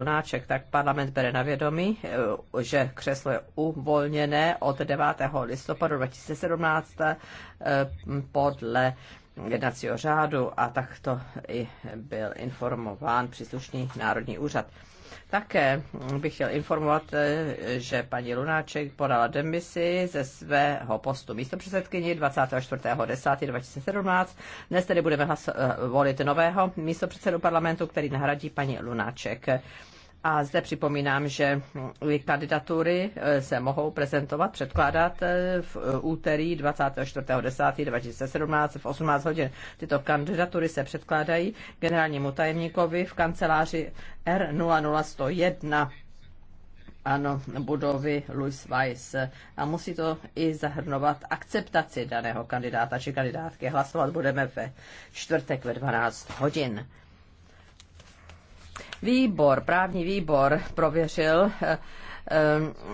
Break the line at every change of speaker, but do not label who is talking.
Náček, tak parlament bere na vědomí, eh, že křeslo je uvolněné od 9. listopadu 2017 eh, podle jednacího řádu a takto i byl informován příslušný Národní úřad. Také bych chtěl informovat, eh, že paní Lunáček podala demisi ze svého postu místo předsedkyni 24.10.2017. Dnes tedy budeme eh, volit nového místo předsedu parlamentu, který nahradí paní Lunáček. A zde připomínám, že kandidatury eh, se mohou prezentovat, předkládat eh, v eh, úterý 24.10.2017 v 18 hodin. Tyto kandidatury se předkládají generálnímu tajemníkovi v kanceláři R00101 ano, budovy Louis Weiss. A musí to i zahrnovat akceptaci daného kandidáta či kandidátky. Hlasovat budeme ve čtvrtek ve 12 hodin. Výbor, právní
výbor prověřil eh, eh,